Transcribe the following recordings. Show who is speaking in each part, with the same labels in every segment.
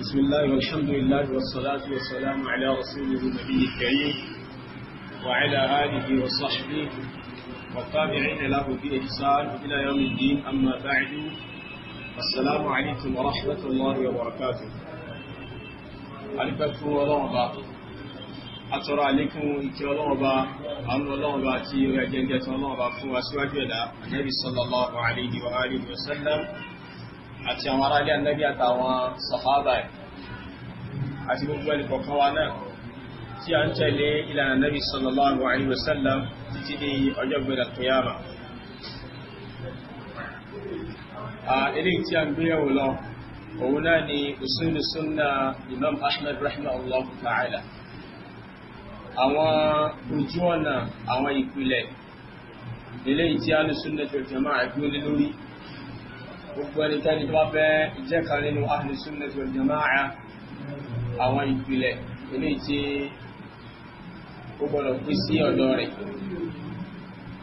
Speaker 1: بسم الله والحمد لله والصلاة والسلام على رسوله النبي الكريم وعلى آله وصحبه والتابعين له بإحسان إلى يوم الدين أما بعد السلام عليكم ورحمة الله وبركاته ألبكم ورغبة أترى عليكم إكي ورغبة أن ورغبة تي ويجنجة ورغبة فواسواجنا النبي صلى الله عليه وآله وسلم àti àwọn ará ilé ànábì àtàwọn sàhábà ẹ̀ àti gbogbo ẹni kọ̀ọ̀kan wa náà tí a ń tẹ̀lé ìlànà ànábì sallallahu alaihi wasallam títí di ọjọ́ gbẹ̀rẹ̀ kìyàmà ilé tí a ń gbé yẹ̀wò lọ òun náà ni usulu sunna imam ahmed rahimahullah ta'ala àwọn ojú ọ̀nà àwọn ìpìlẹ̀ ilé tí a ní sunna tó jama'a ẹgbẹ́ lórí gbogbo ẹnikẹ́ni tó bá fẹ́ jẹ́ kan nínú ahlu sunnah wal jamaa'ah àwọn ìpìlẹ̀ eléyìí tí ó gbọ́dọ̀ pín sí ọ̀dọ̀ rẹ̀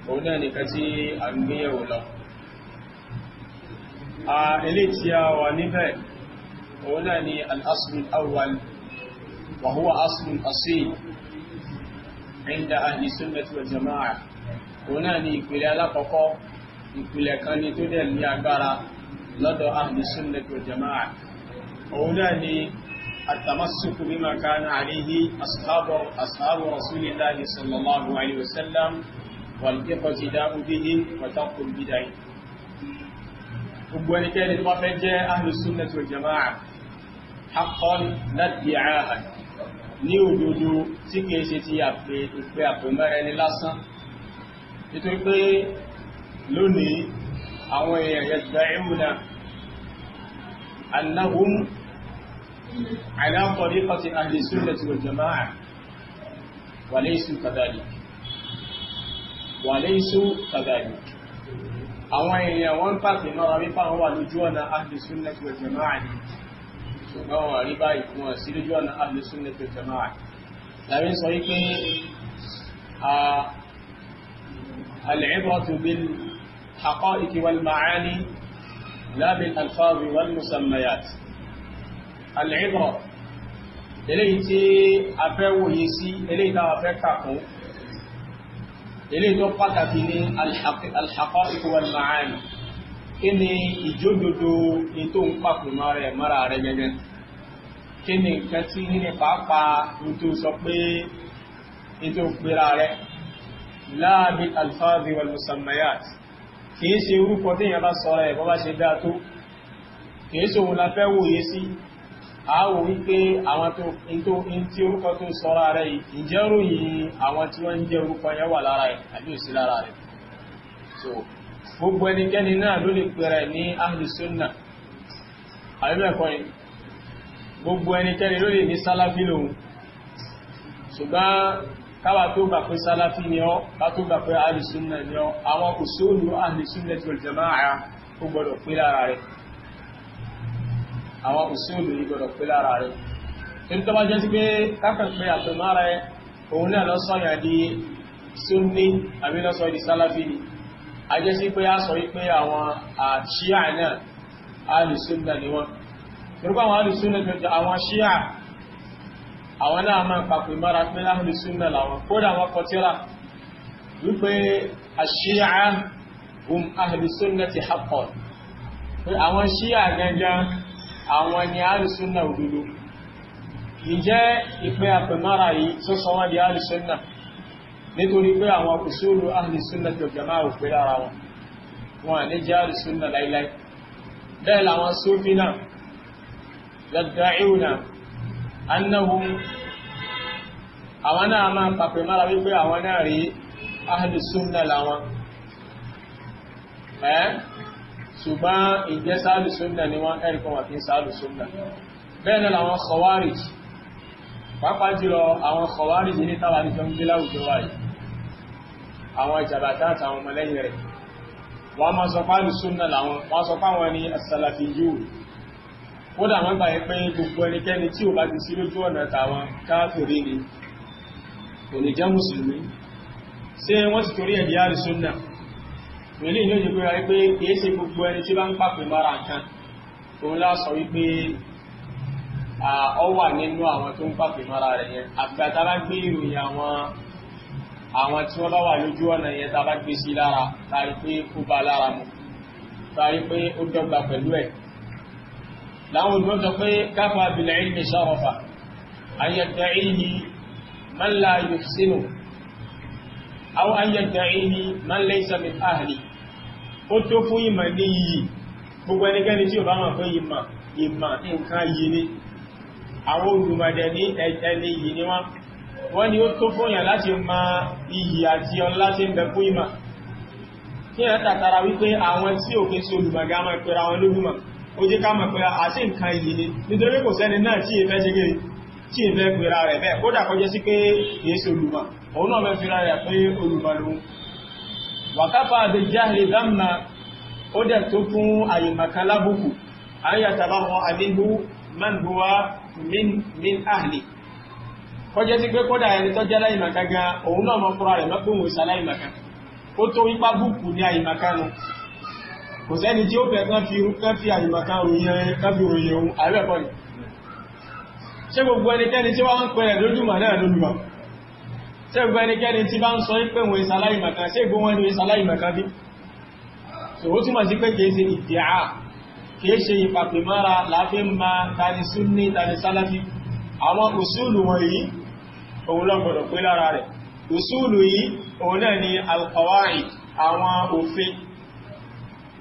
Speaker 1: òun náà nìkan tí a ń gbéyẹ̀wò lọ eléyìí tí a wà níbẹ̀ òun náà ni al awwal wa huwa aslun asil inda ahli sunnah wal jamaa'ah òun náà ni ìpìlẹ̀ alákọ̀ọ́kọ́ ìpìlẹ̀ kan ni tó dẹ̀ ní agbára lọ́dọ̀ ahlu sunnah wal jamaa'ah òun náà ni التمسك بما كان عليه أصحاب أصحاب رسول الله صلى الله عليه وسلم والاقتداء بهم وترك البدع. gbogbo ẹnikẹ́ni tó bá fẹ́ jẹ́ ahlùsúnnẹ̀tì òjàmáà haqqan láti àáhà ní òdodo tí ti àpè ìpè ní lásán nítorí pé lónìí àwọn èèyàn yẹ̀sẹ̀ẹ́mùnà annahum ala tariqati ahli sunnati wal jama'a wa laysu kadhalik wa laysu kadhalik àwọn èèyàn wọ́n pàtàkì mọ́ra wípá wọ́n wà lójú ọ̀nà ahli sunnati wal jama'a ni ṣùgbọ́n wọ́n rí báyìí fún الحقائق والمعاني لا بالألفاظ والمسميات العبرة eléyìí tí a fẹ́ wòye sí eléyìí tí a fẹ́ kàkún eléyìí tó pàtàkì ní al-haqa'iq wal-ma'ani kí ni ìjódodo ètò ń pàkùnmọ́ rẹ̀ mọ́ra rẹ̀ gẹ́gẹ́ kí nǹkan tí ní pàápàá ní sọ pé ètò ìpera rẹ̀ la bil-alfazi kìí ṣe orúkọ tí èèyàn bá sọ́ra ẹ̀ bọ́bá ṣe dáa tó kìí ṣe òun la fẹ́ wòye sí àáwò wípé àwọn tó ń tí orúkọ tó sọ́ra rẹ̀ ìjẹ́ ròyìn àwọn tí wọ́n ń jẹ́ orúkọ yẹn wà lára ẹ̀ àbí òsì lára rẹ̀ so gbogbo ẹnikẹ́ni náà ló lè pẹ̀rẹ̀ ní ahlùsúnnà àbíbẹ̀kọ́ ni gbogbo ẹnikẹ́ni ló lè ní sálábí lòun ṣùgbọ́n káwà tó gbà pé sálàfí ni ọ́ ká tó gbà pé àìsúnnà ni ọ́ àwọn òṣèlú àìsúnnà tí wọ́n jẹmọ́ àyà ó gbọ́dọ̀ pé lára rẹ̀ àwọn òṣèlú yìí gbọ́dọ̀ pé lára rẹ̀ torí tó bá jẹ́ sí pé kákan pé àtọ̀mára ẹ òun náà lọ́sọ̀yà di sunni àbí lọ́sọ̀ di sálàfí ni a jẹ́ sí pé a sọ wípé àwọn àṣíà náà àìsúnnà ni wọ́n torí pé àwọn àìsúnnà àwọn ṣíà àwọn náà máa papò ìmára pé láhùn súnmọ́ làwọn kódà wọn kọ tíra wípé àṣíyà hum ahli sunnati haqqan pé àwọn ṣíyà gangan àwọn ni ahli sunna òdodo ǹjẹ́ ìpè àpèmára yìí tó sọ wọ́n di ahli sunna nítorí pé àwọn usulu ahli sunnati wal jamaa ò pé lára wọn wọn ní jẹ́ ahli sunna láíláí bẹ́ẹ̀ làwọn sófin náà lọ́dọ̀ annahum àwọn náà máa pàpẹ mára wípé àwọn náà rí ahlu sunna làwọn ẹ́ ṣùgbọ́n ìjẹ́ sáàlù sunna ni wọ́n ẹ̀rìkọ́ wà fi sáàlù sunna bẹ́ẹ̀ náà làwọn khawarij pàápàá jùlọ àwọn khawarij ní táwa ní jọm gíláwù tó wáyé àwọn ìjàbàtà àtàwọn ọmọlẹ́yìn rẹ̀ wọ́n máa sọ pé làwọn wọ́n sọ pé àwọn ní as kódà wọ́n gbà yẹ pé gbogbo ẹnikẹ́ni tí ò bá ti sí lójú ọ̀nà tàwọn káàkiri ni kò lè jẹ́ mùsùlùmí ṣé wọ́n ti torí ẹ̀dí àrísúnnà pẹ̀lú ìlú ìjọba rẹ̀ pé kìí ṣe gbogbo ẹni tí bá ń pàpè mara nǹkan òun lásọ wípé ọ wà nínú àwọn tó ń pàpè mara rẹ̀ yẹn àgbà tá bá gbé ìròyìn àwọn àwọn tí wọ́n bá wà lójú ọ̀nà yẹn tá bá gbé sí lára tá pé ó bá lára mu tá pé ó dọ́gba pẹ̀lú ẹ̀ láwọn olùgbọ́sọ pé káfà bìlẹ̀ ilmi sọ́rọ̀fà ayyàtẹ̀ ilmi mọ́lá yufsinu aw ayyàtẹ̀ ilmi mọ́lá isamin ahli ó tó fún ìmà ní yìí gbogbo ẹnikẹ́ni tí ó bá mọ̀ fún ìmà ìmà nǹkan yìí ni àwọn olùmọ̀dẹ̀ ní ẹni yìí ni wọ́n wọ́n ni ó tó fún ìyà láti ma iyì àti ọlá tí ń bẹ fún ìmà kí ẹ̀ tàtàrà wípé àwọn tí òkè sí olùmọ̀gá máa pẹ̀rẹ̀ àwọn olùmọ̀gá ó jẹ́ ká mọ̀ pé àṣẹ nǹkan yìí ni nítorí kò sẹ́ni náà tí ìfẹ́ ṣe gẹ́rẹ́ tí ìfẹ́ pèrà rẹ̀ bẹ́ẹ̀ kódà kọjẹ́ sí pé èéṣe olùmọ̀ òun náà mẹ́fì rẹ̀ pé olùmọ̀ lòun wàkáfà dámà ó dẹ̀ tó fún àyèmàkan lábùkù àyàtàbà wọn min ahli kọjẹ́ sí pé kódà ẹni tó jẹ́ láyìmàkan gan òun náà mọ́ fúnra rẹ̀ mọ́ kò sẹ́ni tí ó fẹ́ kán fi àyìnbàká ròyìn kán fi ròyìn ohun àìbẹ̀kọ́ ni ṣé gbogbo ẹnikẹ́ni tí wọ́n ń pẹ̀rẹ̀ lójúmọ̀ náà lójúmọ̀ ṣé gbogbo ẹnikẹ́ni tí bá ń sọ pé wọn ìsàláìmọ̀ká ṣé gbogbo wọn ni ìsàláìmọ̀ká bí so ó túnmọ̀ sí pé kìí ṣe ìdíà kìí ṣe ìpàpèmára láfí ma tani súnni tani sáláfí àwọn òṣùlù wọn yìí òun lọ gbọdọ̀ pé lára rẹ̀ òṣùlù yìí òun náà ni alqawaid àwọn òfin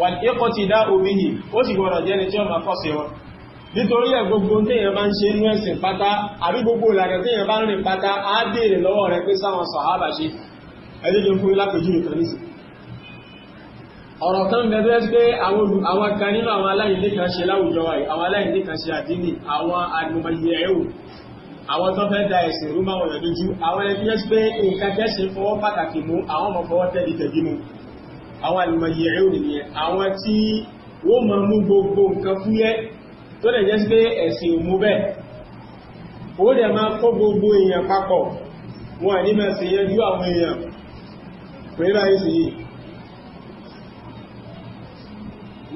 Speaker 1: wal iqtida'u bihi ó sì gbọ́dọ̀ jẹ́ni tí ó máa kọ́ sí wọn nítorí ẹ̀ gbogbo téèyàn bá ń ṣe inú ẹ̀sìn pátá àbí gbogbo ìlànà téèyàn bá ń rìn pátá á béèrè lọ́wọ́ rẹ̀ pé sáwọn sàhábà ṣe ẹjọ́jọ́ fún ilápẹ̀jú nìkan nísì ọ̀rọ̀ kan bẹ̀rẹ̀ pé àwọn kan nínú àwọn aláìní kan ṣe láwùjọ wa àwọn aláìní kan ṣe àdínì àwọn àgbọmọye ẹ̀wò àwọn tó fẹ́ da ẹ̀sìn rú máwọn ẹ̀dójú àwọn ẹbí ẹ́ pé nǹkan kẹ́sìn fọwọ́ pàtàkì mú àwọn ọmọ fọwọ́ tẹ́lifẹ̀bí mú àwọn àlùmọ̀yẹ̀ ẹ̀rù nìyẹn àwọn tí wọ́n máa mú gbogbo nǹkan fúyẹ́ tó lè jẹ́ sí pé ẹ̀sìn òmú bẹ́ẹ̀ ó dẹ̀ máa kó gbogbo èèyàn papọ̀ wọn ní máa ṣe yẹn ju àwọn èèyàn pẹ̀lú ayé sí yìí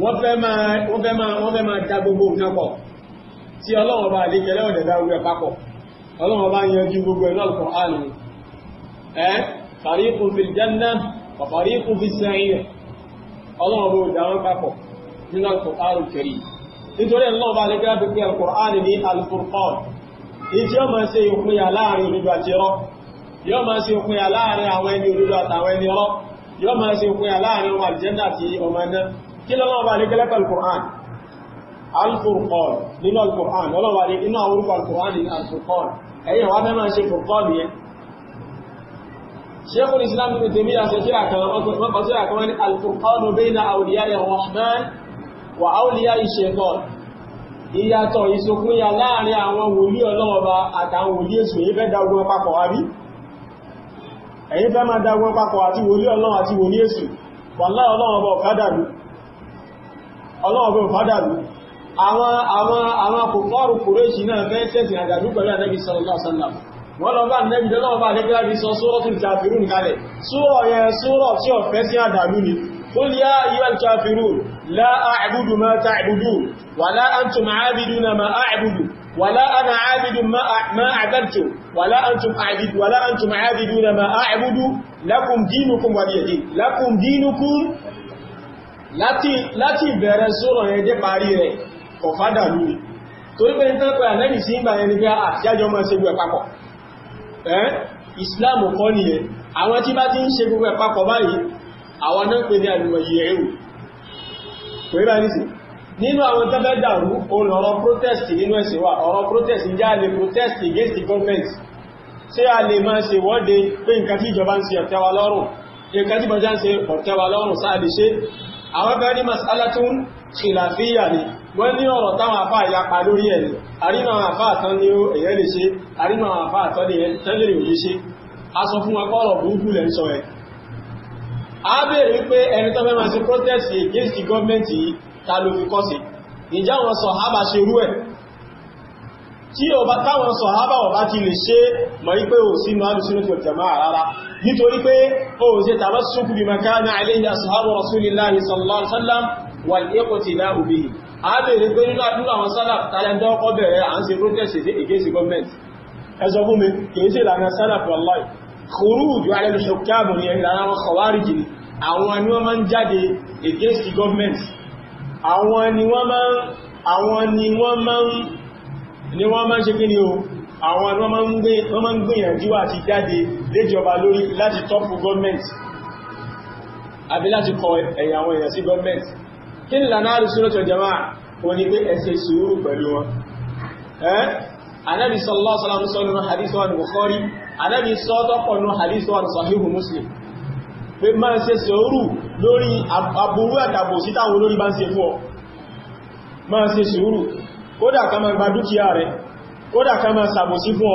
Speaker 1: wọ́n fẹ́ máa wọ́n fẹ́ máa dá gbogbo nǹkan pọ̀ tí ọlọ́run bá lè kẹlẹ́ ọ̀dẹ̀dá orí papọ̀ ọlọ́run bá yanjú gbogbo ẹ̀ náà kọ̀ á ẹ́ tàrí kùn fil janna ọ̀pọ̀rí kún fi sẹ́yìn rẹ̀ ọlọ́run bó dáwọn papọ̀ nínú alkùnrin kẹrì nítorí ọlọ́run bá lè gbábi pé alkùnrin ní alfurqan ní tí ó máa ṣe ìpínyà láàrin òdodo àti irọ́ yóò máa ṣe ìpínyà láàrin àwọn ẹni òdodo àtàwọn ẹni irọ́ yóò máa ṣe ìpínyà láàrin ọmọ àlìjẹ́ndà àti ọmọ ẹ̀nà kí lọ́lọ́run bá lè gbẹ́ alkùnrin alfurqan nínú alkùnrin ọlọ́run bá lè inú àwọn Sheikhul Islam Ibn Taymiyyah ṣe tírà kan wọ́n kọ tírà kan wọ́n ní al-furqanu bayna awliya'i rahman wa awliya'i shaytan ìyàtọ̀ ìsokúnya láàrin àwọn wòlíì ọlọ́ọ̀ba àtàwọn wòlíì èṣù èyí fẹ́ dáogun papọ̀ wá bí èyí fẹ́ máa dáogun papọ̀ àti wòlíì ọlọ́ọ̀ àti wòlíì èṣù wàlá ọlọ́ọ̀ba ọ̀fádàlú ọlọ́ọ̀ba ọ̀fádàlú àwọn àwọn àwọn kòkòrò kòrèṣì náà fẹ́ tẹ̀sìn wọ́n lọ bá nẹ́bí lọ́wọ́ bá gẹ́gẹ́ láti sọ suratul kafirun kalẹ̀ sura yẹn sura tí ó fẹ́ sí àdàlú ni qul ya ayyuhal kafirun la a'budu ma ta'budun wa la antum 'abiduna ma a'budu wa la ana 'abidu ma a'badtum wa la antum 'abiduna ma a'budu lakum dinukum waliya din lakum dinukum láti bẹ̀rẹ̀ sura yẹn dé parí rẹ̀ kọ̀fádàlú ni torí pé ní tẹ́pẹ̀ ànẹ́bì sí ìgbà ẹni pé àti àjọ mọ́ ṣe papọ̀ ẹ́ eh? islam kọ́ nìyẹn àwọn tí bá ti ń ṣe gbogbo ẹ̀pápọ̀ báyìí àwọn náà pè ní àlùmọ̀yí ẹ̀rù kò rí báyìí sí nínú àwọn tẹ́fẹ́ dàrú òun ọ̀rọ̀ protest nínú ẹ̀sìn wa ọ̀rọ̀ protest ń já lè protest against the government ṣé a lè máa ṣe wọ́de pé nǹkan tí ìjọba ń ṣe ọ̀tẹ́ wa lọ́rùn nǹkan tí bọ́já ń ṣe ọ̀tẹ́ wa lọ́rùn sáà lè ṣe àwọn kan ní wọ́n ní ọ̀rọ̀ táwọn àfá ìyapa lórí ẹ̀ àrínà àfá àtán ní ó ẹ̀yẹ́ lè ṣe àrínà àfá àtán ní tẹ́lẹ̀ òye ṣe a sọ fún wọn kọ́rọ̀ burúkú lẹ́ sọ ẹ̀ a bèèrè wípé ẹni tó mẹ́ma sí protest against the government yìí ta ló fi kọ́ sí ìjà wọn sàhábà ṣe rú ẹ̀ tí táwọn sàhábà ọ̀bá ti lè ṣe mọ̀ wípé ò sínú alùsínú tó tẹ̀ máa rárá nítorí pé ó ṣe tàbá sókùbì makana alayhi ashabu rasulillahi sallallahu alaihi wasallam wal iqtida'u bihi a bèèrè pé nínú àdúrà àwọn sálàf tààlẹ́ntọ́ ọkọ̀ bẹ̀rẹ̀ à ń ṣe protest against government ẹ sọ fún mi kìí ṣe ìlànà sálàf wallahi khuruju ala al-hukkam ní ìlànà àwọn khawarij ni àwọn ni wọ́n máa ń jáde against government àwọn ni wọ́n máa àwọn ni wọ́n máa ni wọ́n máa ń ṣe kí ni o àwọn ni wọ́n máa ń gbìyànjú àti jáde léjọba lórí láti tọ́pù government àbí láti kọ ẹ̀yà àwọn èèyàn sí government kí ni lànà àrùsúnlọ́tọ̀ jama o ní pé ẹsẹ̀ sùúrù pẹ̀lú wọn ẹ́ anábi sallallahu alaihi wasallam sọ́nà hadith wa bukhari anábi sọ́tọ́pọ̀nà hadith wa sahihu muslim pé ma ṣe sùúrù lórí aburú àtàbò síta àwọn olórí bá ń ṣe fún ọ ma ṣe sùúrù kódà ka ma gba dúkìá rẹ kódà ka ma ṣàbòsí fún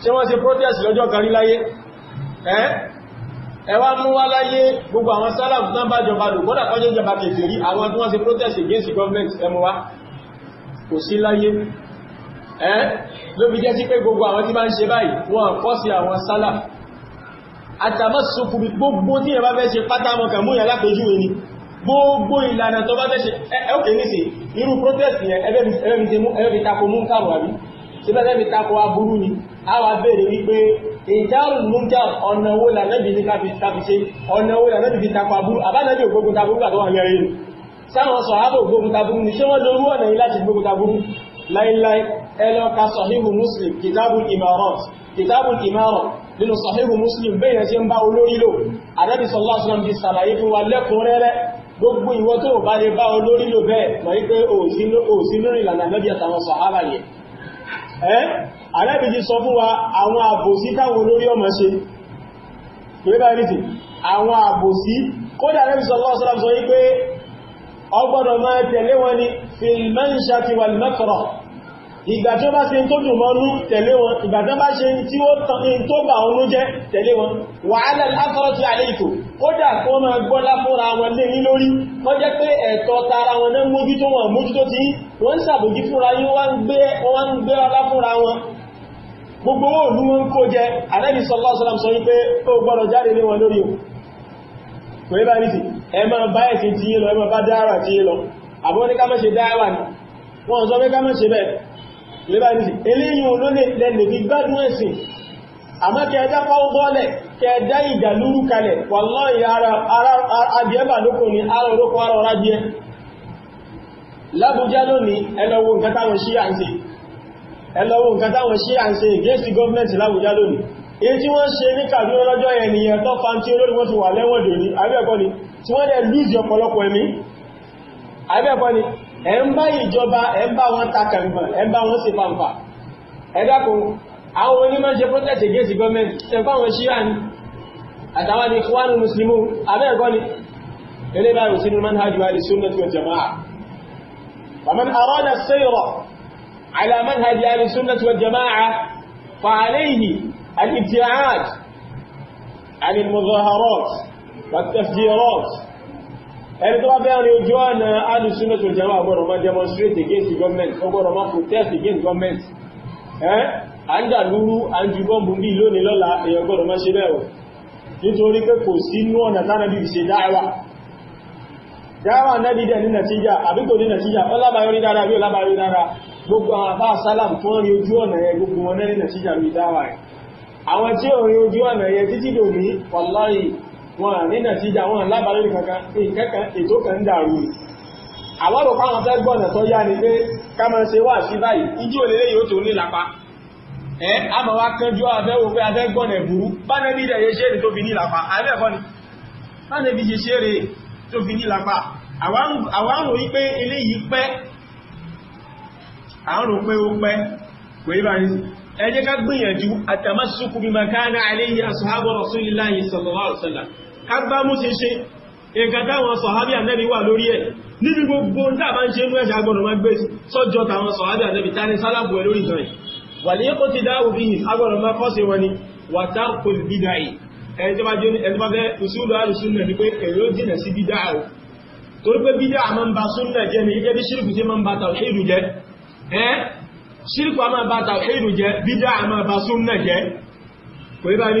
Speaker 1: tí wọ́n ṣe protest lọ́jọ́ kan rí láyé ẹwà mú wá láyé gbogbo àwọn sálàmù tán bá jọba lò kódà kọjẹ́ ìjọba kèfèrí àwọn tí wọ́n ṣe protest against government ẹmọ wá kò sí láyé ẹ́ ló fi jẹ́ sí pé gbogbo àwọn tí bá ń ṣe báyìí wọ́n kọ́ sí àwọn sálàmù àtàmọ́sọ̀kù gbogbo tí ẹ̀bá fẹ́ ṣe pátámọ́ kàmú yà lápẹjú ẹni gbogbo ìlànà tó bá fẹ́ ṣe ẹ́ òkè ní sí irú protest yẹn ẹgbẹ́ mi takò mú ń kàrò àbí síbẹ̀ lẹ́mi takò aburú ni a wá béèrè wípé ìjáàrù mújà ọ̀nà owó lànàbì ní káfíṣe ọ̀nà owó lànàbì fi takò aburú àbánàbì ògbógun taburú gbà tó wà yẹrẹ yìí sáwọn sọ̀hábà ògbógun taburú ni ṣé wọ́n lo orú ọ̀nà yìí láti gbógun taburú láíláí ẹlọ ka sọ̀híhù muslim kitabul imarat kitabul imarat nínú sọ̀híhù muslim bẹ́ẹ̀ yẹn ṣe ń bá olórí lò àdábì sallallahu alaihi wasallam ti sàlàyé fún wa lẹ́kùnrẹ́rẹ́ gbogbo ìwọ tó bá lè bá olórí lò bẹ́ẹ̀ mọ̀ wípé òsínú ìlànà lọ́bí àtàwọn sọ̀hábà yẹn ẹ́ alẹ́bìjì sọ fún wa àwọn àbòsí táwọn olórí ọmọ ṣe pẹ́bàrìtì àwọn àbòsí kódà alẹ́bìjì sọ lọ́wọ́ sọ́lá sọ wípé ọgbọ́dọ̀ máa tẹ̀lé wọn ni filmanshati wal makra ìgbà tí ó bá ṣe tó dùn mọ́nú tẹ̀lé wọn ìgbà tí ó bá ṣe tí ó tàn tó bà ọnú jẹ́ tẹ̀lé wọn wàhálà látọ́rọ̀ tí alẹ́ ìtò kódà kó máa gbọ́lá fúnra wọn lé ní lórí wọ́n jẹ́ pé ẹ̀tọ́ tara wọn náà mójútó wọn mójútó ti wọ́n ń fúnra yín wọ́n ń gbé ọlá wọn gbogbo owó òlú wọn kó jẹ Ànábì sallallahu alaihi wasallam sọ wípé ó gbọ́dọ̀ jáde lé wọn lórí o kò ní bá ní sí ẹ máa bá ẹ̀sìn tí yé lọ ẹ máa bá dáhàrà tí yé lọ ní wọ́n sọ pé ká má ṣe bẹ́ẹ̀ lébàáyìí eléyìn olóde lẹ́lẹ̀ fi gbádùn ẹ̀sìn àmá kẹjá pàwọ́bọ́ọ̀lẹ̀ kẹjá ìdàlúrú kalẹ̀ wàláhì adìẹ́bà lókò ní ara orókò ara ọ̀rá díẹ̀ lábújá lónìí ẹlọ́wọ́ nǹkan táwọn ṣí à ń ṣe ẹlọ́wọ́ nǹkan táwọn ṣí à ń ṣe gẹ́ẹ̀sì gọ́ọ̀mẹ́ntì lábújá lónìí èyí tí wọ́n ṣe ní Kaduna lọ́jọ́ ẹniyàn tó fa tí olórin wọ́n ti wà lẹ́wọ̀n dòní abẹ́ẹ̀kọ́ ni tí wọ́n lẹ́ lùzì ọ̀pọ̀lọpọ̀ ẹ̀mí abẹ́ẹ̀kọ́ ni ẹ̀ ń bá ìjọba ẹ̀ ń bá wọn ta kàrìmọ̀ ẹ̀ ń bá wọn ṣe pàǹpà ẹ dákun àwọn onímọ̀ ṣe protest against government ṣe fáwọn ṣíra ni àtàwọn ni kwanu muslimu abẹ́ẹ̀kọ́ ni ilé báyìí sínú manhaj wa sunnah wal jama'a ومن أراد السير على منهج أهل السنة والجماعة فعليه الابتعاد عن المظاهرات والتفجيرات ẹni tó bá bẹ́ẹ̀ rin ojú ọ̀nà alùsùnà tó àgbọ̀rọ̀ máa demonstrate against the government ọgbọ̀rọ̀ máa protest against government ẹ́ àńdàlúrú àńjúbọ́mbù bí lónìí lọ́la èyàn gbọ́dọ̀ máa ṣe bẹ́ẹ̀ nítorí pé kò sí inú ọ̀nà tánàbí ṣe dáẹwà dáẹwà náàbí dẹ̀ ní nàtíjà àbí kò ní nàtíjà ọlábàárí dára dára gbogbo àwọn àbá sálàm tó ń rí ojú ọ̀nà gbogbo wọn ní dáwà àwọn tí ò rí wọn a sí ìjà wọn lábàárí kankan nǹkankan ètò kan ń dàrú ni àwárò káwọn fẹ́ gbọ́nà yá ni pé ká máa ṣe wá sí báyìí ìjì òlélẹ́ yóò tó a máa wá kánjú abẹ́ wo pé abẹ́ gbọ́nà ìbúrú bánẹ́bí rẹ̀ yẹ ṣe rè tó fi nílapa abẹ́ẹ̀kọ́ ni bánẹ́bí ṣe ṣe rè tó fi nílapa àwárò yí pé eléyìí pẹ́ àárò pé ó pẹ́ pé bá ẹ jẹ́ ká gbìyànjú bí kágbámú ṣe ṣe nǹkan táwọn sọ̀hábí ànẹ́bí wà lórí ẹ̀ níbi gbogbo tá bá ń ṣe inú ẹ̀ṣà gbọ́dọ̀ máa gbé sọ́jọ́ táwọn sọ̀hábí ànẹ́bí tání sálàbù ẹ̀ lórí ìtàn ẹ̀ wà ní kó ti dáhùn bí i agbọ́dọ̀ máa kọ́ sí wọn ni wà táàkù bídà yìí ẹni tó bá jẹ́ ẹni bá fẹ́ ìṣúlù àrùsùn náà ni pé èrè ó jìnà sí bídà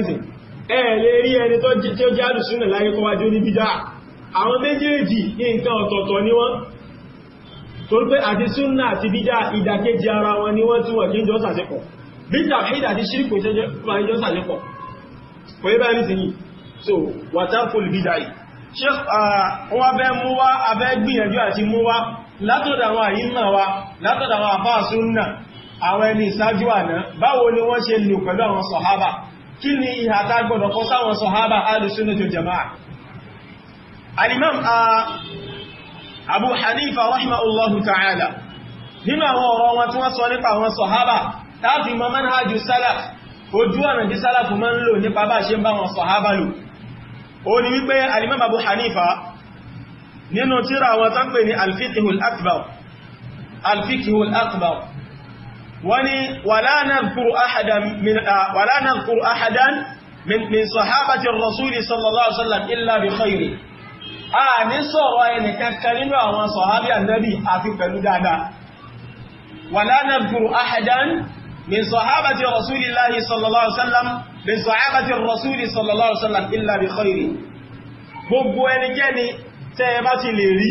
Speaker 1: o torí ẹ̀ẹ̀lẹ́ rí ẹni tí ó jẹ́ àdùsúnà láyé kọ́ wájú ní bídá àwọn méjèèjì nǹkan ọ̀tọ̀ọ̀tọ̀ ni wọ́n torí pé àti súnà àti bídá ìdàkejì ara wọn ni wọ́n tí wọ́n kí ń jọ sàṣepọ̀ bídá ìdà àti ṣírìkù ìjọ sàṣepọ̀ kò yẹ báyìí sí yìí so wàtàfòlù bídá yìí ṣe wọ́n bẹ́ mú wá abẹ́ gbìyànjú àti mú wá látọ̀dà àwọn àyíma wa látọ̀dà àwọn àfáà súnà àwọn ẹni ìsájú àná báwo ni wọ́n ṣe lò pẹ̀lú àwọn sọ̀hábà kí ni ìhà tá gbọ́dọ̀ kọ sáwọn sọ̀hábà alùsùnà tó jama'a alimam a abu hanifa rahimahullahu ta'ala nínú àwọn ọ̀rọ̀ wọn tí wọ́n sọ nípa àwọn sọ̀hábà táàfi mọ́ manhajjú salaf ojú ọ̀nà tí salaf máa ń lò nípa bá ṣe bá wọn sọ̀hábà wani wala nadhkuru ahadan min ah, wala nadhkuru ahadan min min sahabati ar-rasul sallallahu alaihi wasallam illa bi khairi a ní sọ̀rọ̀ ẹni kankan nínú àwọn sahabi annabi àti pẹ̀lú dáadáa wala nadhkuru ahadan min sahabati ar sallallahu alaihi illa bi khairi gbogbo ẹnikẹ́ni tẹ́ bá ti lè rí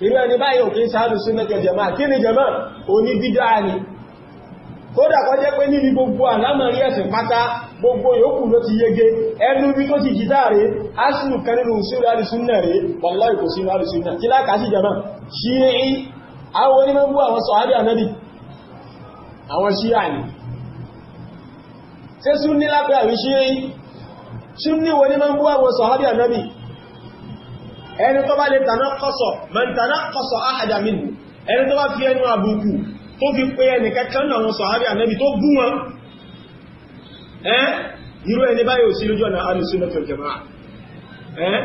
Speaker 1: irú ẹni báyìí òkè sáàlù súnmẹ́kẹ̀ jamaa kí ni jamaa onye bídá ni kódà kọ́ jẹ́ pé níbi gbogbo àlámọ̀rí ẹ̀sìn pátá gbogbo yòókù ló ti yege ẹnu bí tó ti jìdá rẹ̀ asìlù kan nínú sílù na súnni bú àwọn sọ̀hábí ànábì ẹni tó bá lè tànákọ́sọ̀ man tànákọ́sọ̀ ahada minhu ẹni tó bá fi ẹnu àbùkù tó fi pé ẹni kẹ́kẹ́ náà wọn sọ̀hábí ànẹ́bí tó gún wọn ẹ́n irú ẹni báyìí ò sí lójú ọ̀nà alùsùnmọ̀tò jama'a ẹ́n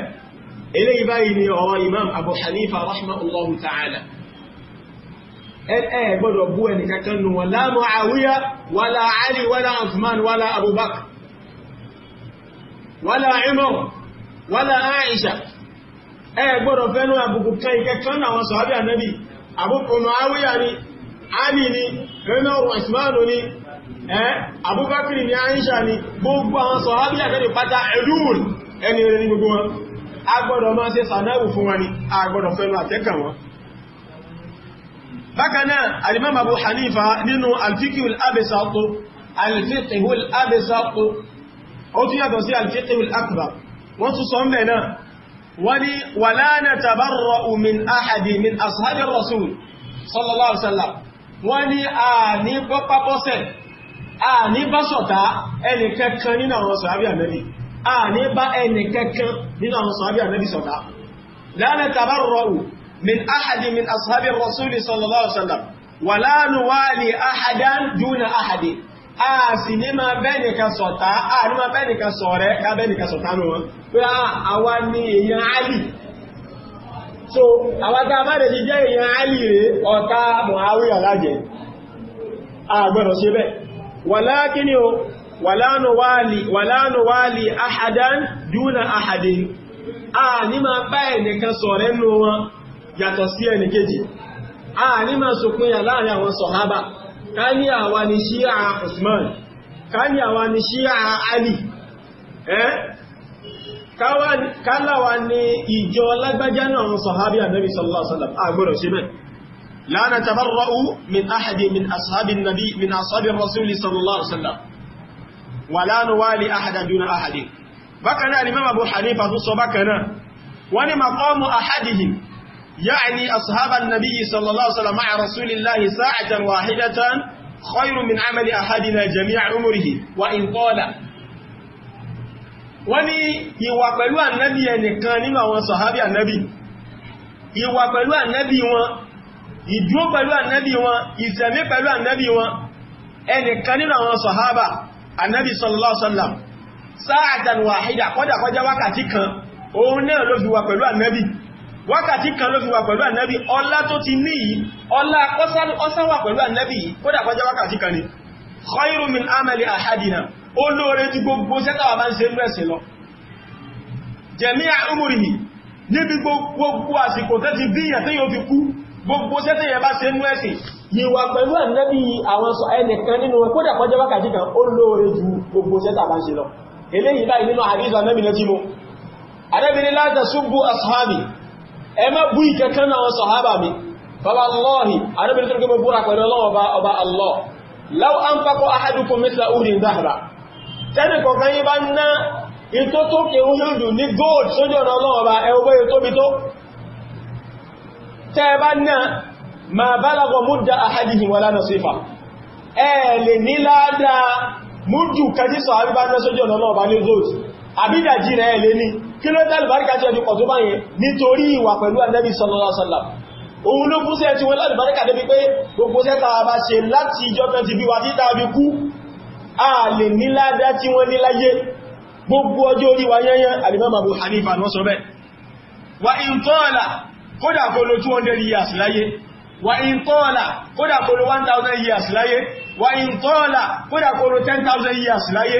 Speaker 1: eléyìí báyìí ni ọ̀rọ̀ imam abu hanifa rahimahullahu ta'ala ẹ gbọ́dọ̀ bú ẹni kẹ́kẹ́ wala aisha ẹ gbọ́dọ̀ fẹ́nu àbùkù kan ìkẹ́kọ́ náà wọn sọ̀hábí ànábì àbúkù mọ̀háwíyà ni ali ni rẹ́nà osmanu ni abubakiri ni aisha ni gbogbo àwọn sọ̀hábí ànábì pátá ẹ̀dùn ẹni rẹ̀ ní gbogbo wọn a gbọ́dọ̀ máa ṣe sànáwù fún wọn ni a gbọ́dọ̀ fẹ́nu àtẹ́kà wọn bákanáà alimam abu hanifa nínú alfikihul abisato alfikihul abisato ó tún yàtọ̀ sí alfikihul akbar wọ́n tún sọ mẹ́ náà wani wala natabarra'u min ahadi min ashabi rasul sallallahu alaihi wasallam wani a ní bọ́pá bọ́sẹ̀ a ní bá sọ̀tá ẹni kẹ́kẹ́ nínú àwọn sọ̀hábí ànábì a ní bá ẹni kẹ́kẹ́ nínú àwọn sọ̀hábí ànábì sọ̀tá la natabarra'u min ahadi min ashabi rasul sallallahu alaihi wasallam nuwali ahadan duna ahadi a sì ní máa bẹ́ẹ̀nì kan sọ̀tá a ní máa bẹ́ẹ̀nì kan sọ̀rẹ́ ká bẹ́ẹ̀nì kan sọ̀tá nù wọn pé àwa ni èèyàn Àlì so àwa tá a bá dẹ̀ ti jẹ́ èèyàn Àlì rèé ọ̀tá Muawiya lájẹ́ a gbọ́dọ̀ ṣe bẹ́ẹ̀ wàlákíní o wàlánu ahadan dúnà ahadin a ní máa bẹ́ẹ̀nì kan sọ̀rẹ́ nù wọn yàtọ̀ sí ẹnìkejì a ní ká ní àwa ni ṣíà Usman ká ní àwa ni ṣíà Ali ẹ́ káláwa ni ìjọ lágbájá náà wọn sọ̀hábí ànábì sallallahu alaihi wasallam àgbọ̀rọ̀ sí mẹ́ la natabarra'u min ahadi min ashabi nabi min ashabi rasuli sallallahu alaihi wasallam wa la nuwali ahadan duna ahadin bákanáà ni Imam Abu Hanifa tún sọ bákanáà wọ́n ni maqamu ahadihim يعني أصحاب النبي صلى الله عليه وسلم مع رسول الله ساعة واحدة خير من عمل أحدنا جميع عمره وإن طال wọ́n ní ìwà pẹ̀lú ànábì ẹnìkan nínú àwọn sọ̀hábí ànábì ìwà pẹ̀lú ànábì wọn ìdúró pẹ̀lú ànábì wọn ìsẹ̀mí pẹ̀lú ànábì wọn ẹnìkan nínú àwọn sọ̀hábà ànábì sallallahu alaihi wasallam sáàtàn wàhídà kọ́dàkọ́já wákàtí kan òun náà ló fi wà pẹ̀lú ànábì wákàtí kan ló fi wà pẹ̀lú ànábì ọlá tó ti ní yìí ọlá ọsán wà pẹ̀lú ànábì yìí kódà kọjá wákàtí kan ni khairu min amali ahadina ó lóore ju gbogbo sẹ́tà wà máa ń ṣe ń rẹ̀sìn lọ jẹ̀míà umurihi níbi gbogbo àsìkò tẹ́ ti bí ìyàn tí yóò fi kú gbogbo sẹ́tà yẹn bá ṣe ń rẹ̀sìn ashabi ẹ má bú ìkẹ́kẹ́ náà wọn sọ̀hábà mi bàbá lọ́ọ̀hì arábìnrin tó gbogbo búra pẹ̀lú ọlọ́wọ́ ọba Allah law anfaqa ahadukum mithla uhudin dhahaba tẹ́nì kọ̀ọ̀kan yí bá ná ìtó tó kè Uhudu ní gold sójú ọ̀nà ọlọ́wọ́ ọba ẹ ọgbẹ́ tóbi tó tẹ́ ẹ bá ná ma balagha mudda ahadihim àbídàjí rẹ̀ lè ní kí ló tàbí baríkà tí ọdún pọ̀tó báyẹn nítorí ìwà pẹ̀lú Ànábì sallallahu alaihi wasallam òun ló fún sẹ́ tí wọ́n láti baríkà débi pé gbogbo sẹ́ tàà bá ṣe láti ìjọ kan ti bí wa a lè níládá tí wọ́n níláyé gbogbo ọjọ́ orí wa yẹnyẹn Al-Imam Abu Hanifa wọ́n sọ bẹ́ẹ̀ wa in tọ́ọ̀lá 200 years láyé wa in tọ́ọ̀lá kódà kó lo 1000 years láyé wa in tọ́ọ̀lá kódà kó lo 10000 years láyé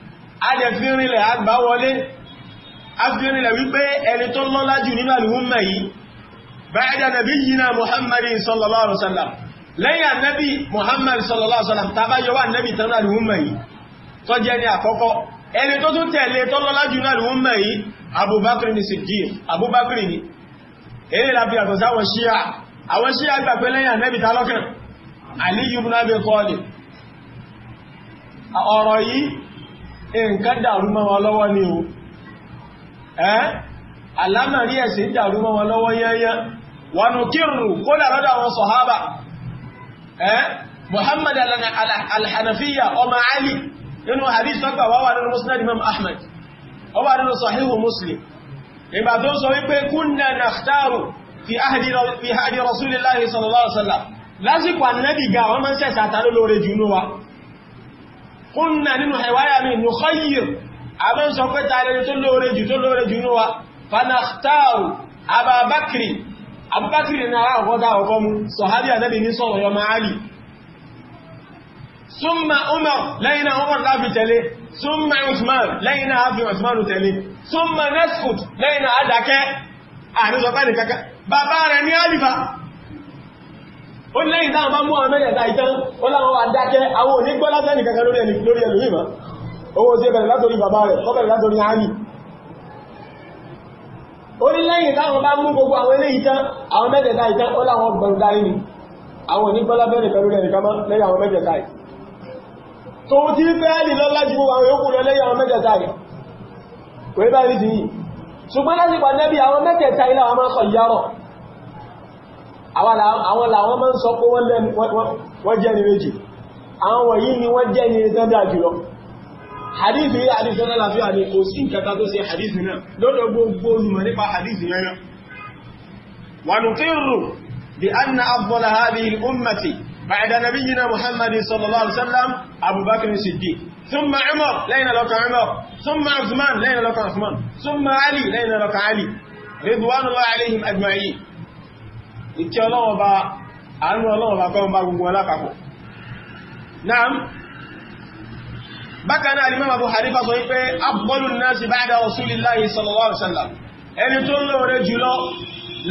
Speaker 1: adẹ̀fínrinlẹ̀ agbáwọlé afínrinlẹ̀ wípé ẹni tó lọ́lá jù nínú àlùmọ̀ yìí báyẹ̀dà nàbí yìí muhammad sallallahu alaihi wasallam lẹ́yìn ànábì muhammad sallallahu alaihi wasallam tàbá yọwà ànábì tánú àlùmọ̀ yìí tó jẹ́ ní àkọ́kọ́ ẹni tó tún tẹ̀lé tó lọ́lá jù nínú àlùmọ̀ yìí abubakar ni siddiq abubakar ni èyí làbí àtọ̀ sáwọn ṣíà àwọn ọ̀rọ̀ yìí nǹkan dàrú mọ́ wọn lọ́wọ́ ni o ẹ́ alámàrí ẹ̀sìn dàrú mọ́ wọn lọ́wọ́ yẹ́yẹ́ wọnù kírù kó làrọ́dọ̀ àwọn sọ̀hábà ẹ́ Muhammad alhanafiya ọmọ Ali nínú hadith tọ́gbà wà wà nínú Musnad Imam Ahmad ó wà nínú Sahihu Muslim ìgbà tó sọ wípé kúnnà nàftàrù fi ahdi rasulillahi sallallahu alaihi wasallam lásìkò annabi ga wọn mọ́ sẹ́sà kúnnà nínú ẹ̀wáyà mi nukhayyir a mọ́ sọ pé tààrẹ tó lóore jù tó lóore jù níwa fanakhtaru ababakiri abubakiri ní ara ọ̀gọ́dá ọ̀gọ́ mu sọ̀hábí ànábì ní sọ̀rọ̀ yọ máa lì súnmà umar lẹ́yìn náà umar láfi tẹ̀lé súnmà usman lẹ́yìn náà hafi usman tẹ̀lé súnmà nesfut lẹ́yìn náà adakẹ́ àrísọpẹ́ nìkankan bàbá rẹ̀ ní alifa ó lẹ́yìn táwọn bá mú àwọn mẹ́rẹ̀ta ìtàn ó láwọn wà dákẹ́ àwọn onígbọ́ látẹ́nì kankan lórí ẹni lórí ẹlòmí ma owó tí ó bẹ̀rẹ̀ látorí bàbá rẹ̀ ó bẹ̀rẹ̀ látorí hàní ó ní lẹ́yìn táwọn bá mú gbogbo àwọn ilé ìtàn àwọn mẹ́rẹ̀ta ìtàn ó láwọn ni àwọn onígbọ́ látẹ́nì kan lórí ẹni kan lẹ́yìn àwọn mẹ́rẹ̀ta ì tó ti fẹ́ẹ̀lì lọ́lá ju àwọn yòókù lọ lẹ́yìn àwọn mẹ́rẹ̀ta ì kò ní àwọn làwọn máa ń sọ pé wọ́n jẹ́ ní méjì àwọn wọ̀nyí ni wọ́n jẹ́ ní dáadáa àjùlọ hadith yìí hadith náà láfíà ni kò sí nǹkan tó ṣe hadith náà lọ́dọ̀ gbogbo olùmọ̀ nípa hadith yẹn náà wà nùkírù bí anna afdala hadhihi ummati بعد نبينا محمد صلى الله عليه وسلم أبو بكر الصديق ثم عمر لين لك عمر ثم عثمان لين لك عثمان ثم علي لين لك علي رضوان الله عليهم أجمعين ìkẹ́ ọlọ́wọ́ bá àánú ọlọ́wọ́ bá kọ́ bá gbogbo alápapọ̀ náà bákan náà alimọ́ Abu Hanifa sọ wípé afdalun nasi ba'da rasulillahi sallallahu alaihi wasallam ẹni tó lóore jùlọ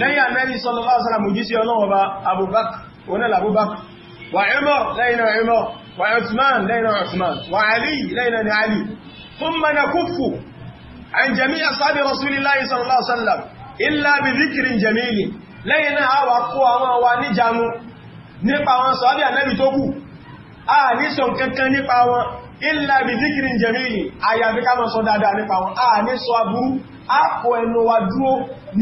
Speaker 1: lẹ́yìn الله sallallahu alaihi wasallam òjísí ọlọ́wọ́ bá Abubakar onílà Abubakar wa Umar lẹ́yìn Umar wa Uthman lẹ́yìn Uthman wa Ali lẹ́yìn Ali thumma nakuffu an jami'i ashabi rasulillahi sallallahu alaihi lẹ́yìn náà àwà kó àwọn wa níjàmú nípa wọn sọ́bí ànẹ́bì tó kù a ní sọ kankan nípa wọn illa bi zikirin jamili àyàfi ká máa sọ dáadáa nípa wọn a ní sọ aburú a kò ẹnu wa dúró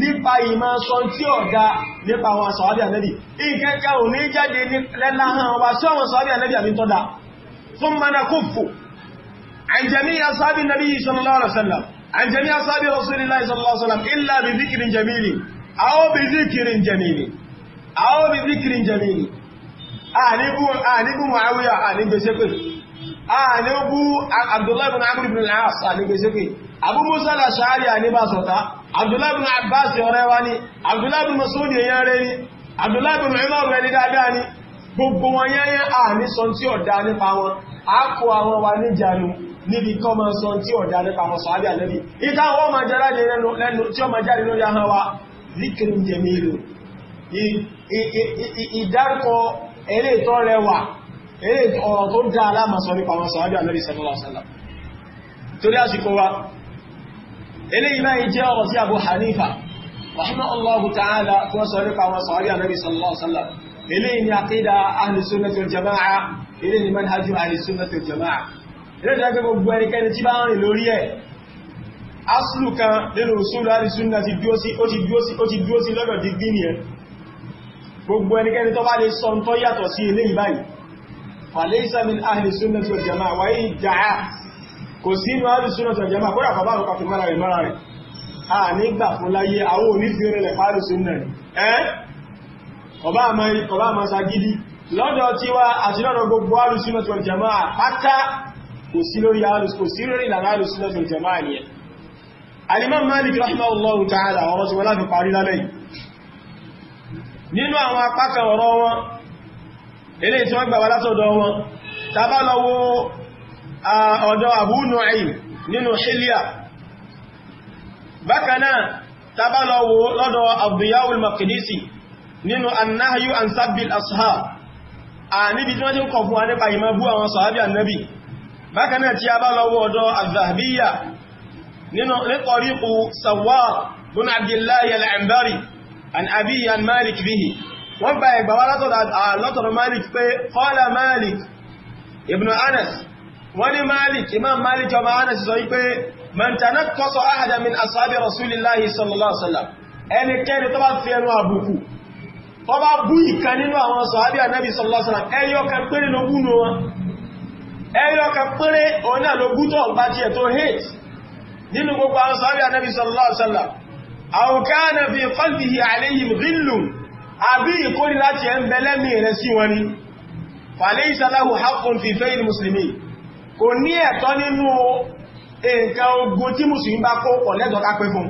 Speaker 1: nípa ìmọ̀ sọ tí ọ̀gá nípa àwọn sọ́bí ànẹ́bì ìkẹ́kẹ́ ò ní jáde lẹ́láhàn wa sí àwọn sọ́bí ànẹ́bì àmì tọ́da fún mana kúfù عن جميع أصحاب النبي صلى الله عليه وسلم عن جميع أصحاب aw bi zikirin jamili aw bi zikirin jamili àníbú àníbú Muawiya ànígbèsépè àníbú Abdullahi bin Amr ibn al-As ànígbèsépè Abu Musa al-Ash'ari àníbàsọ̀ta Abdullahi bin Abbas ọ̀rẹ́ wa ni Abdullahi bin Mas'ud èèyàn rẹ̀ ni Abdullahi bin Umar rẹ̀ ni dáadáa ni gbogbo wọn yẹ́yẹ́ àní sọ tí ọ̀dá nípa wọn a kó àwọn wa ní ìjánu níbi kọ́ ma sọ tí ọ̀dá nípa wọn wa zikirin jamilu ìdárúkọ eré tó rẹwà eré ọ̀rọ̀ tó dá alámasọ nípa wọn sàájú àlẹ́rí sallallahu alaihi wasallam torí àsìkò wa eléyìí náà jẹ́ ọ̀rọ̀ sí Abu Hanifa rahimahullahu ta'ala tó sọ aslu kan nínú usulu ahlu sunnah ti dúó sí ó ti dúó sí ó ti dúó sí lọ́dọ̀ di gíní ẹ gbogbo ẹnikẹ́ni tó bá lè sọ tó yàtọ̀ sí eléyìí báyìí falaysa min ahli sunnah wal jamaa wáyé ìjáà kò sí inú ahlu sunnah wal jamaa kó ràpàbà rọ̀ kàfí mara rẹ̀ mara rẹ̀ a nígbà fún láyé àwọn onífẹ́rẹ̀ lẹ̀ fáàlù sunnah ẹ́ ọba àmọ́ sagidi lọ́dọ̀ tiwa àti lọ́dọ̀ gbogbo ahlu sunnah wal kò sí lórí ìlànà ahlu sunnah wal jamaa nìyẹn alimam malik rahimahullahu ta'ala ọ̀rọ̀ tí wọ́n láti parí lálẹ́ nínú àwọn apákan ọ̀rọ̀ wọn eléyìí tí wọ́n gbà wá látọ̀dọ̀ wọn tàbá lọ́wọ́ ọ̀dọ̀ abu nu'aym nínú hilya bákanáà tàbá lọ́wọ́ lọ́dọ̀ abdiyawul maqdisi nínú annahyu an sabbil ashab a níbi tí wọ́n ti ń kọ̀ fún nínú nítoríkù sawar bin abdullahi al'ambari an abi an malik bihi wọ́n bá ẹgbà wá látọ̀rọ̀ malik pé qala malik ibn anas wọ́n ni malik imam malik ọmọ anas sọ wípé man tanaqqasa ahadan min ashabi rasulillahi sallallahu alaihi wasallam ẹnikẹ́ni tó bá fi ẹnu àbùkù tó bá bú ìkan nínú àwọn sọ̀hábí ànábì sallallahu alaihi wasallam ẹyọ kan péré ló bú nù wọn ẹyọ kan péré òun náà ló bú tó ọ̀pá tiẹ̀ tó hate nínú gbogbo àwọn sàábí ànábì sallallahu alaihi wasallam aw kana fi qalbihi alayhim ghillun àbí ìkórí láti ẹ̀ ń bẹ̀lẹ́mì rẹ̀ sí wọn ni falaysa lahu haqqun fi fayl muslimin kò ní ẹ̀tọ́ nínú nǹkan ogun tí musulmi bá kó pọ̀ lẹ́tọ̀ọ́ ká pín fún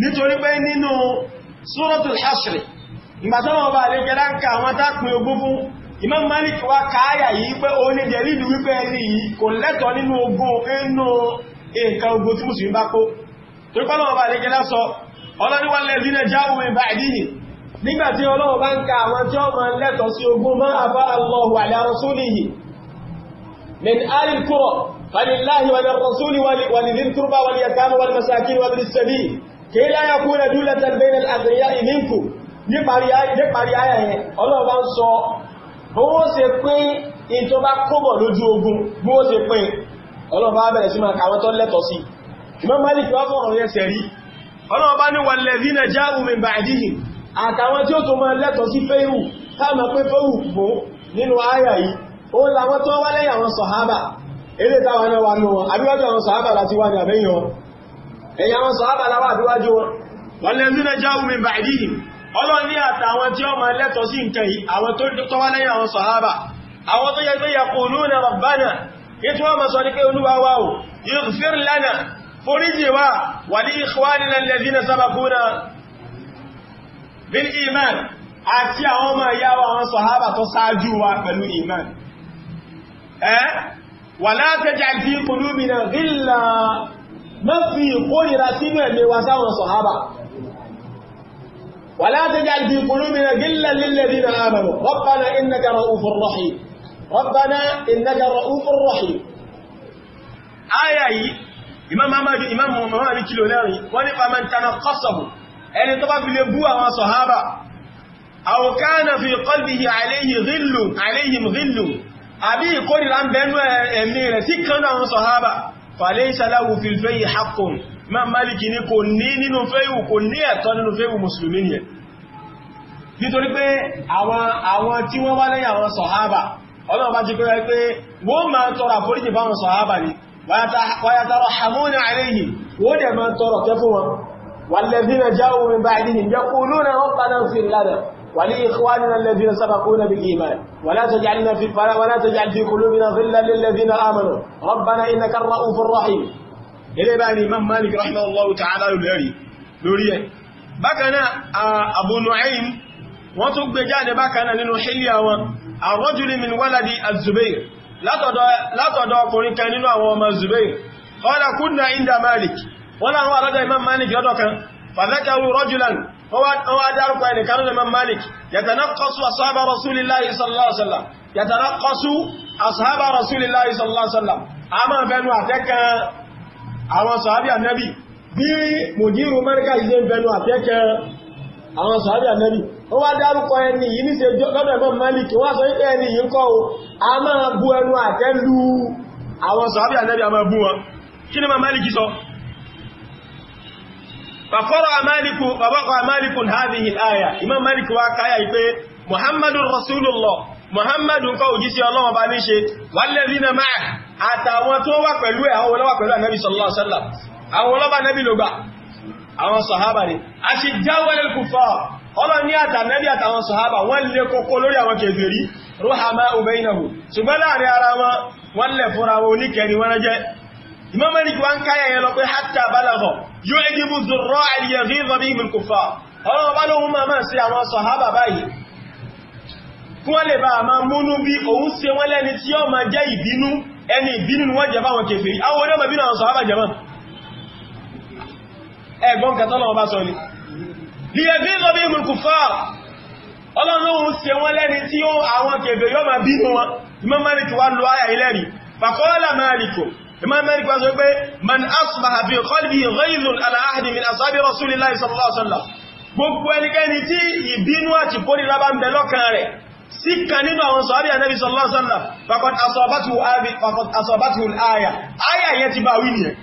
Speaker 1: nítorí pé nínú suratul hashr ìgbàtọ́nà ọba àlejẹ́ láńkà àwọn tápin Malik wá káyà yìí pé ó ní wípé ẹni yìí kò lẹ́tọ̀ọ́ nínú ogun inú nǹkan ogun tí mùsùlùmí bá kó tó pẹ́ lọ́wọ́ bá lè gẹ́lá sọ ọlọ́niwà lẹ́bínà jáwùmí bàdínì nígbàtí ọlọ́wọ́ bá ń ka àwọn tí ó ma lẹ́tọ̀ sí ogun máa àbá Allahu ala rasulihi min alil qura falillahi wa lirrasuli wa lidhil qurba wal yatama wal masakin wa ibnis sabil kí la yakuna dulatan bayna al-aghniya'i minkum níparí kóbọ̀ lójú ogun bó ṣe pín ọlọ́run bá bẹ̀rẹ̀ sí máa kàwọn tó lẹ́tọ̀ sí Imam Malik wá fọ́rọ̀ yẹn sẹ̀rí ọlọ́run bá ní walladhina ja'u min ba'dihim àtàwọn tí ó tó máa lẹ́tọ̀ sí fẹ́rù táàmà pé fẹ́rù pò nínú àyà yìí ó láwọn tó wá lẹ́yìn àwọn sọ̀hábà eré táwọn náà wà nù wọn àbíwájú àwọn sọ̀hábà láti wá ní àbẹ́yìn wọn ẹ̀yìn àwọn sọ̀hábà láwà àbíwájú wọn walladhina ja'u min tó wá tó yẹ pé yaquluna rabbana ètò wọn sọ ní pé olúwa wa o ighfir lana foríjì wa wà ní ikhwanina alladhina sabaquna bil iman àti àwọn ọmọ ìyá wa àwọn sàhábà tó ṣáájú wa pẹ̀lú iman ẹ́ wà la taj'al fi qulubina ghilla mọ́ sínú ẹ̀mí wa sáwọn sàhábà ولا تجعل في قلوبنا غلا للذين آمنوا ربنا إنك رؤوف رحيم ربنا إنك رؤوف رحيم آية إمام أحمد إمام محمد كيلو ناري ونفع من تنقصه أن تبقى لبوة وصحابة أو كان في قلبه عليه غل عليهم غل أبي يقول الآن بأنه أمير سكرنا وصحابة فليس له في الفي حق ما مالك نكو نيني نفيه وكوني أتوني نفيه مسلمين nítorí pé àwọn tí wọ́n wá lẹ́yìn àwọn sọ̀hábà ọlọ́run bá ti kọ́ pé wọ́n máa tọrọ àforíjì fáwọn sọ̀hábà ni wáyátàrọ hamúnà àríyìn wọ́n dẹ̀ máa tọrọ kẹ fún wọn wàlẹ́bínà jáwò min bá ìdíyìn yẹ kúlú na wọ́n padà fi lánà wàlí ìkwánina lẹ́bínà sábàkúnà bí ìmán wàlá tó jàlina fi fara wàlá tó jàl fi kúlú bínà fi lálẹ́ lẹ́bínà amanu tún gbé jáde nínú hiliya wọn àrọ́júlì min wálàdí azubair látọ̀dọ̀ ọkùnrin kan nínú àwọn ọmọ zubair kọ́lá kúnnà inda malik wọ́n láwọn alọ́dọ̀ imam malik lọ́dọ̀ kan fàzẹ́kẹ̀rù rọ́júlan wọ́n wá dárúkọ ẹnìkan nínú imam malik yàtànákọ́sù asáàbà rasulillahi sallallahu alaihi wasallam yàtànákọ́sù asáàbà rasulillahi sallallahu alaihi wasallam a máa fẹnu àtẹ́kẹ́ àwọn sàábì ànábì bí mùdírù mẹ́ríkà ìzẹ́ fẹnu àtẹ́kẹ́ àwọn sàábì ànẹ́bì ó wá dárúkọ ẹni yìí ní ṣe lọ́dọ̀ ẹ̀gbọ́n Málìkì wọ́n sọ wípé ẹni yìí ń kọ́ o a máa bu ẹnu àtẹ́ lu àwọn sàábì ànẹ́bì a máa bú wọn kí ni máa Málìkì sọ fàfọ́rọ̀ àmálìkù àtàwọn tó wà pẹ̀lú ẹ̀ àwọn olówà pẹ̀lú ànẹ́bì sallallahu àwọn olówà ànẹ́bì lògbà àwọn sọ̀hábà ni a ṣe jáwẹ́lẹ̀ kùfà ọlọ́run ní àtànẹ́bí àtàwọn sọ̀hábà wọ́n lè kókó lórí àwọn kèfèrí rúhàmá ubainahu ṣùgbọ́n láàrin ara wọn wọ́n lè fúnra wọn oníkẹni wọ́n jẹ́ Imam Malik wá ń káyà yẹn lọ pé hatta balagha yóò ejibu zurra al-yaghiza bihim al-kuffar ọlọ́run bá lóhun máa máa sí àwọn sọ̀hábà báyìí kí wọ́n lè bá a máa múnú ẹgbọ́n kẹtọ́lọ̀ ọba sọ ni lìyẹ̀bí lọ́bí ìmùkùfà ọlọ́run ṣe wọ́n lẹ́ni tí ó àwọn kẹfẹ̀ yọ́ ma bínú wọn Imam Malik wá lọ ayà ilẹ́rì faqala Maliku Imam Malik wá sọ pé man asbaha fi qalbihi ghayzun ala ahadin min ashabi rasulillahi sallallahu alaihi wasallam gbogbo ẹnikẹ́ni tí ìbínú àti kórìíra bá ń bẹ lọ́kàn rẹ̀ sí kan nínú àwọn sọ̀hábí ànábì sallallahu alaihi wasallam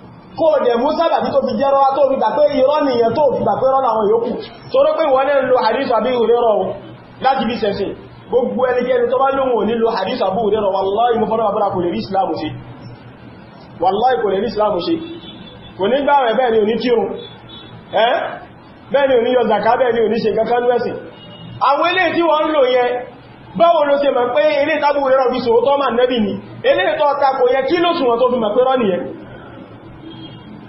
Speaker 1: kó ọ̀dẹ̀ mú sábàbí tó fi jẹ́rọ tó fi gbàgbé irọ́ nìyẹn tó fi gbàgbé rọ́ àwọn yòókù tó rọ́ pé wọ́n lẹ́nu àdísà bí ìrẹ́rọ̀ láti bí sẹ̀sìn gbogbo ẹnikẹ́ni tó bá lóhun ò àdísà bú ìrẹ́rọ̀ wàláì mú ni ò ní kírun ẹ́ bẹ́ẹ̀ ni ò ní yọ zàká bẹ́ẹ̀ ni ò ní ṣe kankan ní ẹ̀sìn àwọn ilé tí wọ́n ń lò yẹn báwo ló ṣe mọ̀ pé ilé tábù rẹ̀ rọ̀ fi sòótọ́ mà nẹ́bì ni ilé tó takò yẹ kí ló sùn wọn tó fi mọ̀ pé rọ́ nìyẹn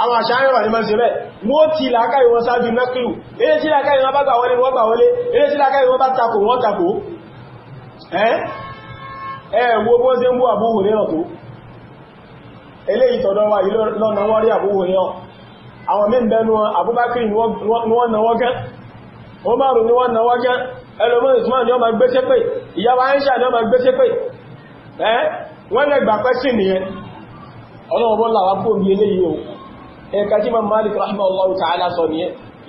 Speaker 1: àwọn àṣáyẹ̀wà ní máa ṣe bẹ́ẹ̀ wọ́n ti làákàí wọn sáájú mẹ́kìlù eré tí làákàí wọn bá gbà wọlé wọ́n gbà wọlé eré tí làákàí wọn bá takò wọ́n takò ẹ́ wo bó ṣe ń bú àbúhù níràn tó eléyìí tọ̀dọ̀ wa lọ́nà wọ́n rí àbúhù níràn àwọn mí bẹnu Abubakar ni wọ́n náwọ́ gán Umaru ni wọ́n náwọ́ gán ẹlòmọ́n Usman ni wọ́n máa gbéṣẹ́ pé ìyàwó Aisha ni wọ́n máa gbéṣẹ́ pé wọ́n lẹ́gbàá pẹ́sìn nìyẹn ọlọ́wọ́ bọ́lá wá kó bí eléyìí o ẹ̀ka tí Imam Malik rahimahullahu ta'ala sọ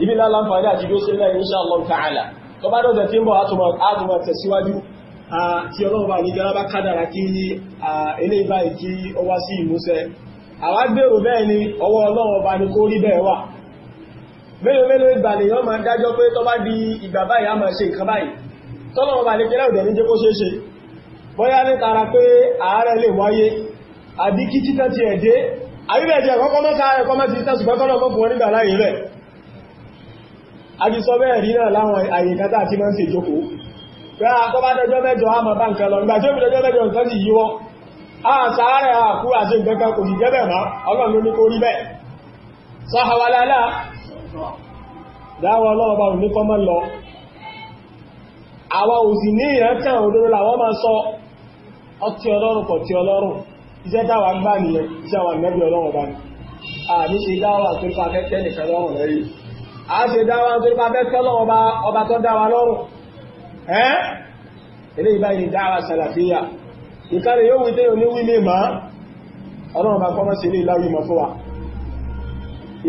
Speaker 1: ibi náà láǹfààní àti bí ó ṣe náà insha Allah ta'ala tó bá dọ̀jẹ̀ tí ń bọ̀ átùmọ̀ tẹ̀síwájú tí ọlọ́run bá ní gara bá kádàrà kí eléyìí báyìí kí ó wá sí ìmúṣẹ àwa bẹ́ẹ̀ ni ọwọ́ ọlọ́run àríbẹ̀ẹ̀jẹ̀ kọ́kọ́ mọ́ta ẹ̀kọ́ mọ́ ti tẹ́sùgbẹ́kọ́lọ̀ mọ́kùnrin nígbà láyé rẹ̀ a ti sọ bẹ́ẹ̀ rí náà láwọn àyíkátà tí máa ń ṣe ìjókòó pé àkọ́ bá dẹjọ́ mẹ́jọ a máa bá nǹkan lọ nígbà tí ó fi dẹjọ́ mẹ́jọ nǹkan sì yíwọ́ a sàárẹ̀ àkú àti nǹkan kan kò sì jẹ́ bẹ̀rẹ̀ ọlọ́run ní kó rí bẹ́ẹ̀ sọ́hawalálá dáwọ́ iṣẹ́ táwa ń gbà nìyẹn iṣẹ́ àwọn àmẹ́bí ọlọ́run bá ní àmì ṣe dáwà tó fà fẹ́fẹ́ nìkan lọ́rùn lẹ́yìn a ṣe dáwà tó fà fẹ́fẹ́ lọ́rùn ọba tó dáwà lọ́rùn ẹ́ eléyìí báyìí ni dáwà sàlàfíà ìkàrẹ̀ yóò wíté òní wílé ma ọlọ́run bá kọ́mọ́ sí ilé ìláwí mọ̀ fún wa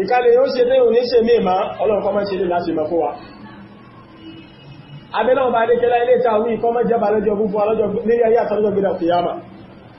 Speaker 1: ìkàrẹ̀ yóò ṣe tẹ́ òní ṣe mí ma ọlọ́run kọ́mọ́ sí ilé láti mọ̀ fún wa abẹ́lọ́run bá dé kẹ́lá ilé ìtàwí kọ́mọ́ jẹ́ bá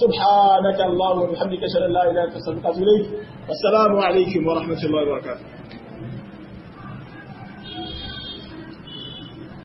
Speaker 1: سبحانك اللهم وبحمدك اشهد ان لا اله الا انت استغفرك واتوب اليك والسلام عليكم ورحمه الله وبركاته